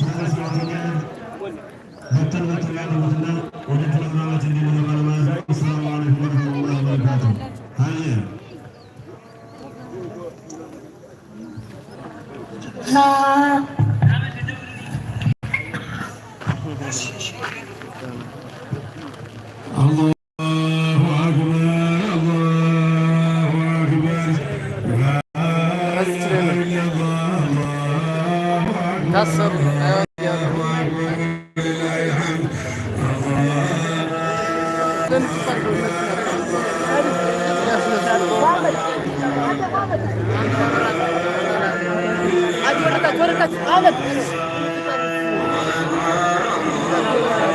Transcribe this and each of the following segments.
శాసనసభ్యులుగా మొత్తం మొత్తంగా ఉన్న ఉన్నత రంగాల చెందిన كسر Hadi oradan, oradan, oradan.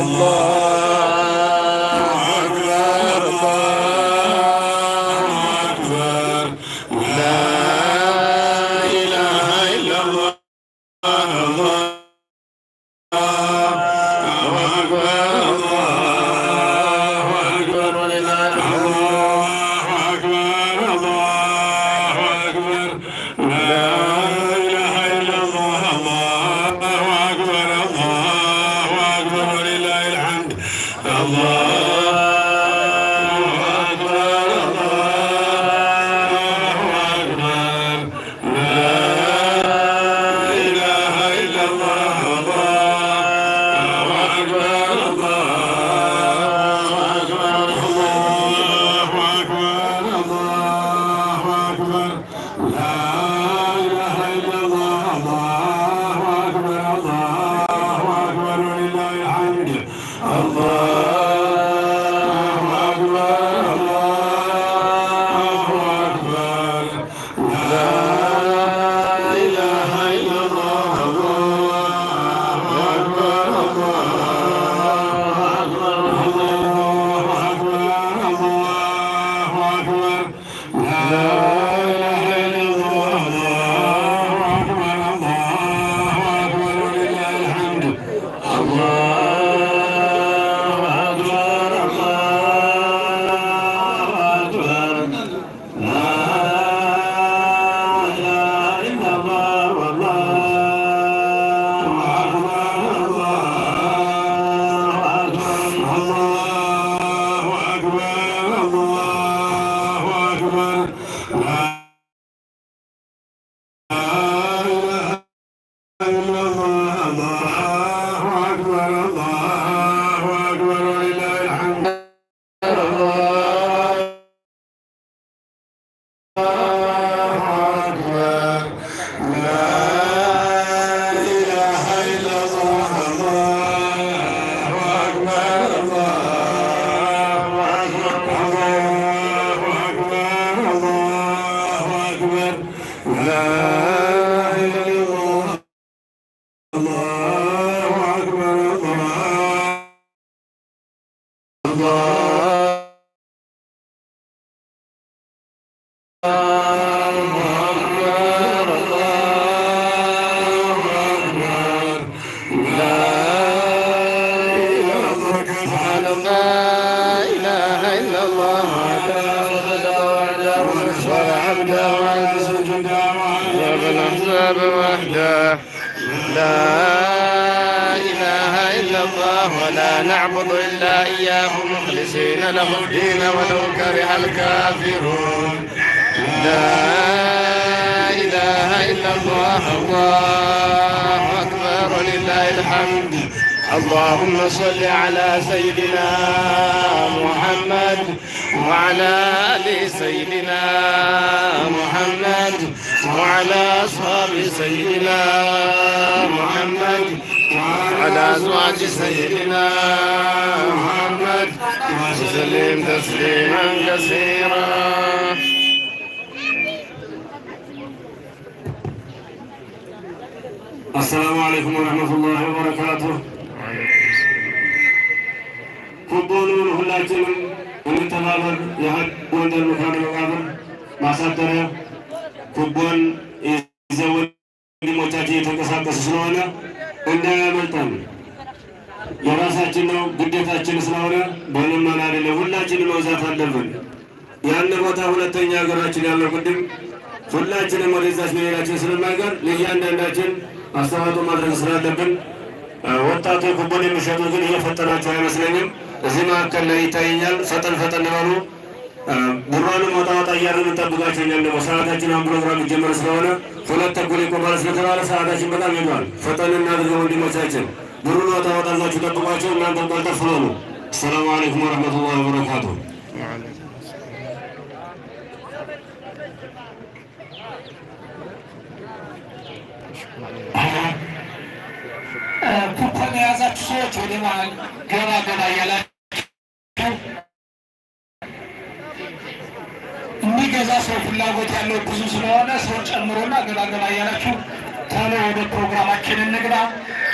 الله الباب وحده لا إله إلا الله ولا نعبد إلا إياه مخلصين له الدين ولو كره الكافرون لا إله إلا الله الله أكبر ولله الحمد اللهم صل على سيدنا محمد وعلى آل سيدنا محمد وعلى أصحاب سيدنا محمد وعلى أزواج سيدنا محمد وسلم تسليما كثيرا السلام عليكم ورحمة الله وبركاته ሁሉንም ሁላችንም እንተባበር የሀቅ ወንጀል መካነ መቃብር ማሳደሪያ ኩቦን ይዘው ወንድሞቻችን የተንቀሳቀሱ ስለሆነ እንዳያመልጠን የራሳችን ነው ግዴታችን ስለሆነ በልመና አይደለም፣ ሁላችንም መብዛት አለብን። ያን ቦታ ሁለተኛ ሀገራችን ያለው ቅድም ሁላችንም ወደዛች መሄዳችን ስለማይቀር ለእያንዳንዳችን አስተዋጽኦ ማድረግ ስላለብን ወጣቱ ኩቦን የሚሸጡ ግን እየፈጠናቸው አይመስለኝም። እዚህ መካከል ላይ ይታየኛል። ፈጠን ፈጠን በሉ። ቡራንም ወጣወጣ እያለን እንጠብቃቸው። እኛም ደግሞ ሰዓታችን አሁን ፕሮግራም ይጀመር ስለሆነ ሁለት ተኩል ይቆማል ስለተባለ ሰዓታችን በጣም ይሏል። ፈጠን እናድርገው ወንድሞቻችን። ብሩን ወጣወጣ እዛችሁ ጠብቋቸው። እናንተ ቀልጠፍ በሉ። ሰላም አለይኩም ወረህመቱላህ ወበረካቱ። ኩፖን የያዛችሁ ሰዎች ወደ መሀል ገባ ገባ እያላችሁ ያለው ብዙ ስለሆነ ሰው ጨምሮና ገባገባ እያላችሁ ቶሎ ወደ ፕሮግራማችን እንግባ።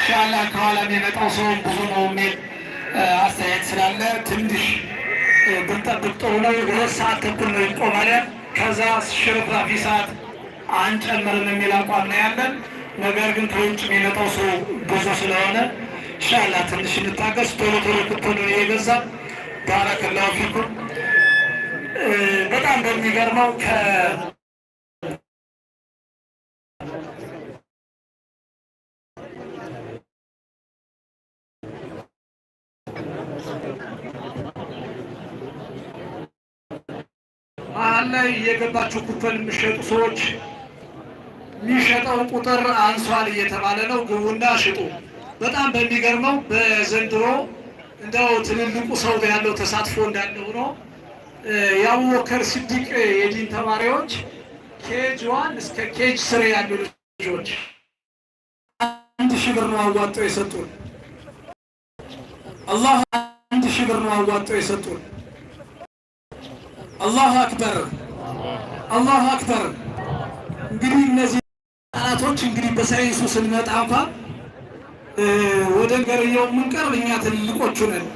ሻላ ከኋላ የሚመጣው ሰውን ብዙ ነው የሚል አስተያየት ስላለ ትንሽ ብንጠብቅ ጥሩ ነው። ሁለት ሰዓት ተኩል ነው ይቆማለን። ከዛ ሽርፍራፊ ሰዓት አንጨምርም የሚል አቋም ነው ያለን። ነገር ግን ከውጭ የሚመጣው ሰው ብዙ ስለሆነ ሻላ ትንሽ እንታገስ። ቶሎ ቶሎ ክትሉ የገዛ ባረከላሁ ፊኩም በጣም በሚገርመው ከ መሃል ላይ እየገባችሁ ኩፈን የሚሸጡ ሰዎች የሚሸጠው ቁጥር አንሷል እየተባለ ነው። ግቡና ሽጡ። በጣም በሚገርመው በዘንድሮ እንደው ትልልቁ ሰው ያለው ተሳትፎ እንዳለ ሆኖ የአቡበከር ስዲቅ የዲን ተማሪዎች ኬጅ ዋን እስከ ኬጅ ስሬ ያሉ ልጆች አንድ ሺህ ብር ነው አዋጠው የሰጡን። አላህ አንድ ሺህ ብር ነው አዋጠው የሰጡን። አላሁ አክበር አላሁ አክበር። እንግዲህ እነዚህ ቃላቶች እንግዲህ በሳይንሱ ስንመጣ እንኳ ወደ ነገርየው የምንቀርብ እኛ ትልቆቹ ነን።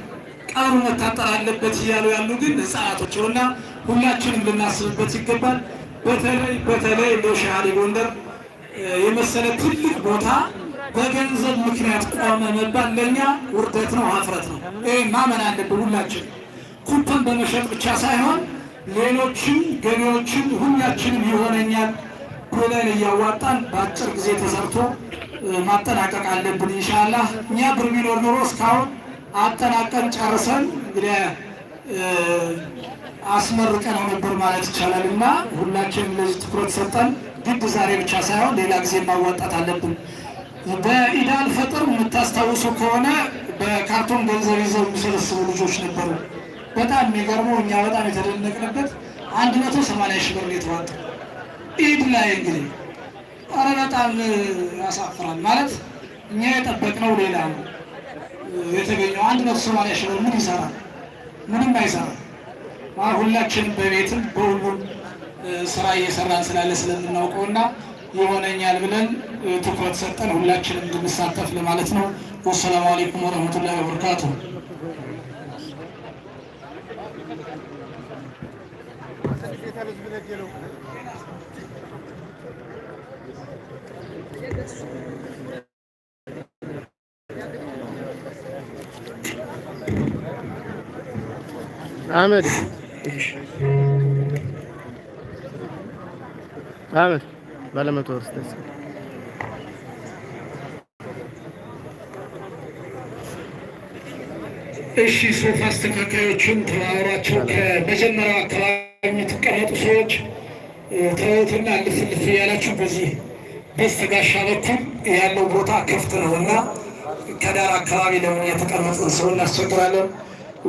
ቃሉ መታጠር አለበት እያሉ ያሉ ግን ህጻናቶች ነውና ሁላችንም ልናስብበት ይገባል። በተለይ በተለይ ለሻሪ ጎንደር የመሰለ ትልቅ ቦታ በገንዘብ ምክንያት ቆመ መባል ለእኛ ውርደት ነው፣ አፍረት ነው። ይህ ማመን አለብን ሁላችን ኩፕን በመሸጥ ብቻ ሳይሆን ሌሎችም ገቢዎችም ሁላችንም ይሆነኛል ጎለን እያዋጣን በአጭር ጊዜ ተሰርቶ ማጠናቀቅ አለብን። ኢንሻላህ እኛ ብር ቢኖር ኖሮ እስካሁን አጠናቀን ጨርሰን እንግዲህ አስመርቀን ነበር ማለት ይቻላል። እና ሁላችንም ለዚህ ትኩረት ሰጠን ግድ ዛሬ ብቻ ሳይሆን ሌላ ጊዜ ማዋጣት አለብን። በኢዳል ፈጥር የምታስታውሱ ከሆነ በካርቶን ገንዘብ ይዘው የሚሰበስቡ ልጆች ነበሩ። በጣም የሚገርመው እኛ በጣም የተደነቅንበት አንድ መቶ ሰማንያ ሺህ ብር ነው የተዋጠው። ኢድ ላይ እንግዲህ ኧረ በጣም ያሳፍራል። ማለት እኛ የጠበቅነው ሌላ ነው የተገኘው። አንድ መቶ ሰማንያ ሺህ ብር ምን ይሰራል? ምንም አይሰራም። ሁላችንም በቤትም በሁሉም ስራ እየሰራን ስላለ ስለምናውቀው እና ይሆነኛል ብለን ትኩረት ሰጠን ሁላችንም እንድንሳተፍ ለማለት ነው። ወሰላሙ አሌይኩም ወረህመቱላሂ ወበረካቱሁ። አመድ አመድ ባለመቶ ወር ስተስ እሺ ሶፋ አስተካካዮችን ተባብራቸው አካባቢ የምትቀመጡ ሰዎች ትህትና እያላችሁ በዚህ ጋሻ በኩል ያለው ቦታ ክፍት ነው እና ከዳር አካባቢ ለምን የተቀመጥን ሰው እናስቸግራለን።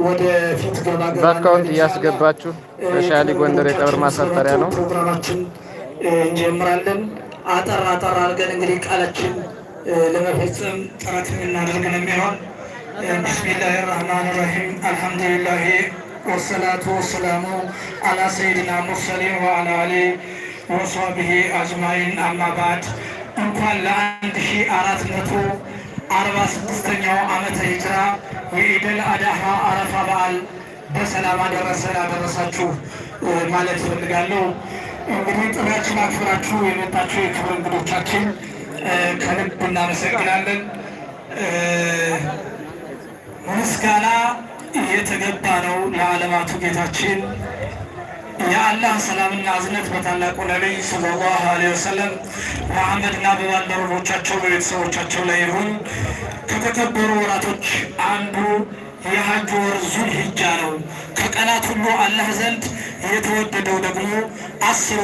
ወደፊት ገባ በአካውንት እያስገባችሁ በሻሊ ጎንደር የቀብር ማሳጠሪያ ነው። ፕሮግራማችን እንጀምራለን። አጠር አጠር አድርገን እንግዲህ ቃላችን ለመፈጸም ጥረት እናደርግ ነው የሚሆን። ብስሚላህ ራህማን ራሂም አልሐምዱሊላህ ወሰላቱ ወሰላሙ አላ ሰይድና ሙርሰሊን ወአላ አሊ ወሷብሂ አጅማይን አማ እንኳን ለአንድ ሺ አራት መቶ አርባ ስድስተኛው ዓመተ ሂጅራ የኢደል አዳሃ አረፋ በዓል በሰላም አደረሰ አደረሳችሁ ማለት እፈልጋለሁ። እንግዲህ ጥሪያችን አክብራችሁ የመጣችሁ የክብር እንግዶቻችን ከልብ እናመሰግናለን። ምስጋና የተገባ ነው። ለዓለማቱ ጌታችን የአላህ ሰላምና አዝነት በታላቁ ነቢይ ሰለላሁ ዐለይሂ ወሰለም በአህመድና በባልደረቦቻቸው በቤተሰቦቻቸው ላይ ይሁን። ከተከበሩ ወራቶች አንዱ የሀጅ ወር ዙል ሂጃ ነው። ከቀናት ሁሉ አላህ ዘንድ የተወደደው ደግሞ አስሩ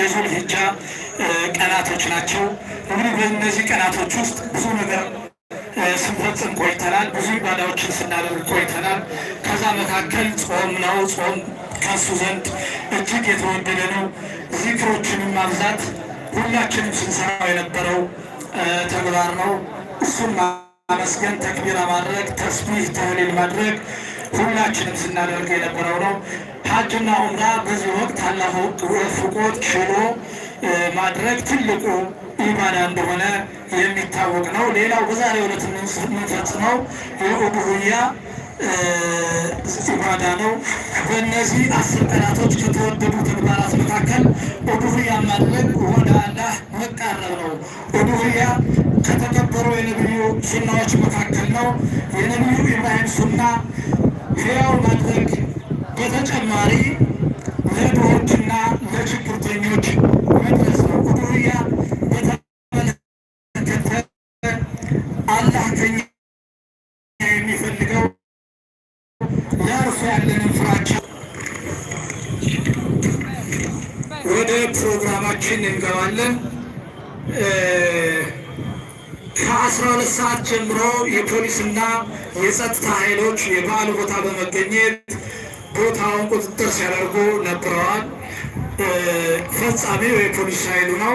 የዙል ሂጃ ቀናቶች ናቸው። እንግዲህ በእነዚህ ቀናቶች ውስጥ ብዙ ነገር ስንፈጽም ቆይተናል። ብዙ ባዳዎችን ስናደርግ ቆይተናል። ከዛ መካከል ጾም ነው። ጾም ከሱ ዘንድ እጅግ የተወደደ ነው። ዚክሮችን ማብዛት ሁላችንም ስንሰራው የነበረው ተግባር ነው። እሱን ማመስገን፣ ተክቢራ ማድረግ፣ ተስቢህ ተህሊል ማድረግ ሁላችንም ስናደርግ የነበረው ነው። ሀጅና ዑምራ በዚህ ወቅት አላህ ፍቆት ችሎ ማድረግ ትልቁ ኢማና እንደሆነ የሚታወቅ ነው። ሌላው በዛሬው ዕለት የምንፈጽመው የኡቡያ ኢባዳ ነው። በእነዚህ አስር ቀናቶች ከተወደዱ ተግባራት መካከል ኡቡያ ማድረግ ወደ አላህ መቃረብ ነው። ኡቡያ ከተከበሩ የነቢዩ ሱናዎች መካከል ነው። የነቢዩ ኢብራሂም ሱና ሕያው ማድረግ በተጨማሪ ለድሆችና ለችግርተኞች መድረስ ነው። ኡቡያ ከኛ የሚፈልገው ለእርሱ ያለንን ፍራቻ። ወደ ፕሮግራማችን እንገባለን። ከአስራ ሁለት ሰዓት ጀምሮ የፖሊስና የጸጥታ ኃይሎች የበዓል ቦታ በመገኘት ቦታውን ቁጥጥር ሲያደርጉ ነበረዋል። ፈጻሚው የፖሊስ ኃይሉ ነው።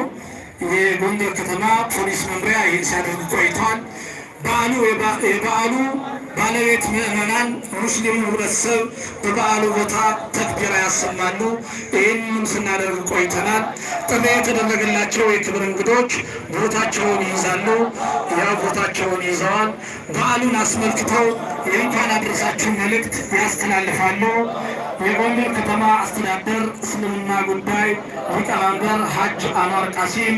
የጎንደር ከተማ ፖሊስ መምሪያ ይህን ሲያደርግ ቆይቷል። በዓሉ የበዓሉ ባለቤት ምዕመናን ሙስሊሙ ህብረተሰብ በበዓሉ ቦታ ተክቢራ ያሰማሉ። ይህንም ስናደርግ ቆይተናል። ጥሪ የተደረገላቸው የክብር እንግዶች ቦታቸውን ይይዛሉ። ያው ቦታቸውን ይዘዋል። በዓሉን አስመልክተው የእንኳን አድረሳችሁ መልእክት ያስተላልፋሉ። የጎንደር ከተማ አስተዳደር እስልምና ጉዳይ ሊቀመንበር ሀጅ አኗር ቃሲም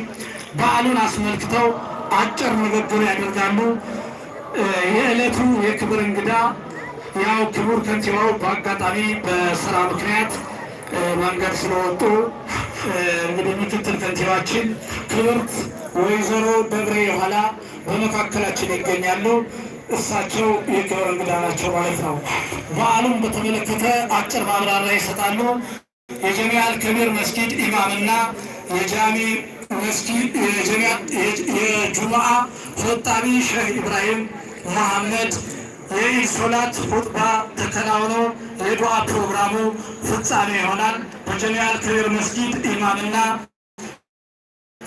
በዓሉን አስመልክተው አጭር ንግግር ያደርጋሉ። የዕለቱ የክብር እንግዳ ያው ክቡር ከንቲባው በአጋጣሚ በስራ ምክንያት መንገድ ስለወጡ እንግዲህ ምክትል ከንቲባችን ክብርት ወይዘሮ ደብረ የኋላ በመካከላችን ይገኛሉ። እሳቸው የክብር እንግዳ ናቸው ማለት ነው። በዓሉም በተመለከተ አጭር ማብራሪያ ይሰጣሉ። የጀሚያል ከቢር መስጊድ ኢማምና የጃሚ ምስኪን የጁምአ ሆጣቢ ሸህ ኢብራሂም መሐመድ የኢድ ሶላት ሁጥባ ተከናውኖ የዱዓ ፕሮግራሙ ፍጻሜ ይሆናል። በጀኔራል ክብር መስጊድ ኢማምና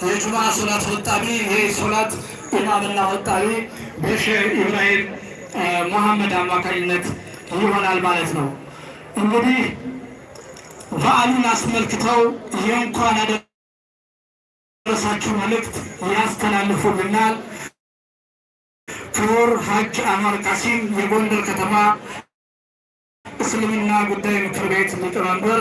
የጁምአ ሶላት ወጣቢ የኢድ ሶላት ኢማምና ወጣቢ በሼህ ኢብራሂም መሐመድ አማካኝነት ይሆናል ማለት ነው። እንግዲህ በዓሉን አስመልክተው የእንኳን አደ የደረሳቸው መልእክት ያስተላልፉልናል። ክቡር ሀጅ አማር ቃሲም የጎንደር ከተማ እስልምና ጉዳይ ምክር ቤት ሊቀመንበር